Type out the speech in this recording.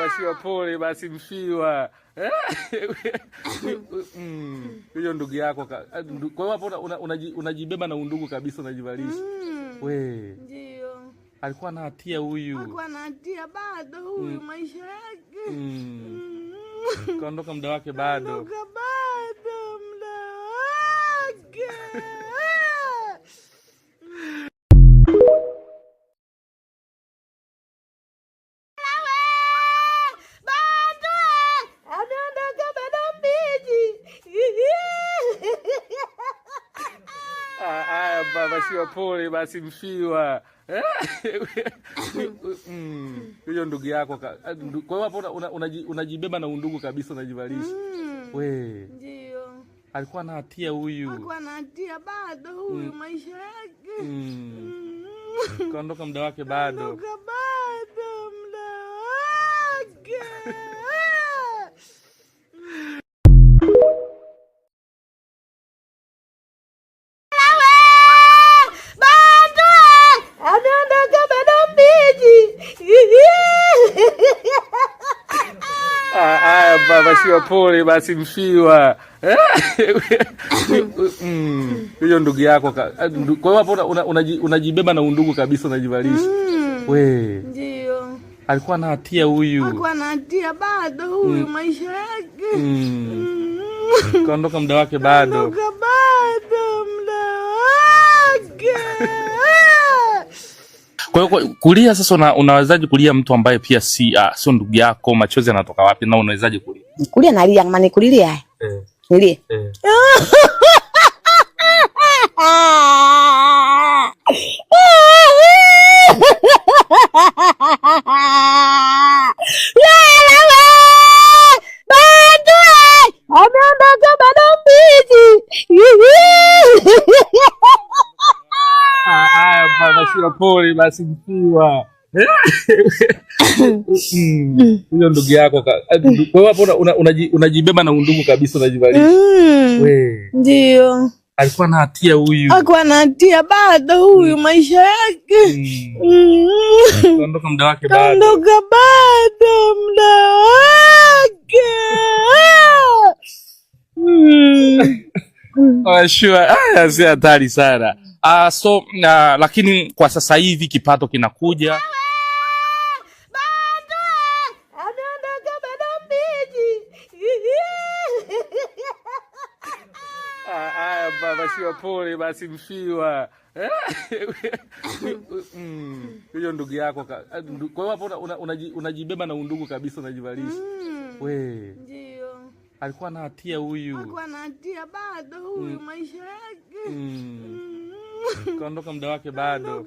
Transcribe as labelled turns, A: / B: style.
A: washiwa ah. pole basi mfiwa eh? mm. hiyo ndugu yako. Eh, kwa hiyo hapo unajibeba na undugu kabisa, unajivalisha mm. we.
B: Ndio
A: alikuwa na hatia huyu,
B: alikuwa na hatia bado huyu, mm. maisha yake
A: kaondoka, muda wake bado. wasiwa ah. pole, basi Mfiwa. Eh? Mm. Hiyo ndugu yako. Eh, kwa hiyo hapo unajibeba na undugu kabisa unajivalisha. Mm. We. Ndio. Alikuwa na hatia huyu.
B: Alikuwa na hatia bado huyu mm. maisha yake.
A: Kaondoka muda wake bado. Ukiwashiwa ah! pole basi mfiwa eh? mm, hiyo ndugu yako. Eh, kwa hiyo hapo unajibeba na undugu kabisa, unajivalisha mm. we.
B: Ndio
A: alikuwa na hatia huyu,
B: alikuwa na hatia bado huyu, mm. maisha yake
A: kaondoka, muda wake bado
B: bado, muda wake
A: kwa hiyo kulia sasa, unawezaje kulia mtu ambaye pia si uh, sio ndugu yako? Machozi yanatoka wapi na unawezaje kulia?
C: Kulia nalia maana kulilia. Eh. Nilie. Eh.
A: Mkiwa pole basi mkiwa eh. huyo ndugu yako eh, hapo unajibeba na undugu kabisa, unajivalisha mm.
B: ndio
A: alikuwa na hatia huyu,
B: alikuwa na hatia bado huyu, mm. maisha yake mm.
A: kaondoka, muda wake
B: kaondoka, bado muda wake
A: ashua. Haya si hatari sana Uh, so uh, lakini kwa sasa hivi kipato kinakuja pole basi Mfiwa mm, hiyo ndugu yako. Kwa hiyo hapo unajibeba na undugu kabisa, unajivalisha mm, we.
B: Ndio
A: alikuwa na hatia huyu,
B: alikuwa na hatia bado huyu, mm. maisha yake
A: kaondoka muda wake bado.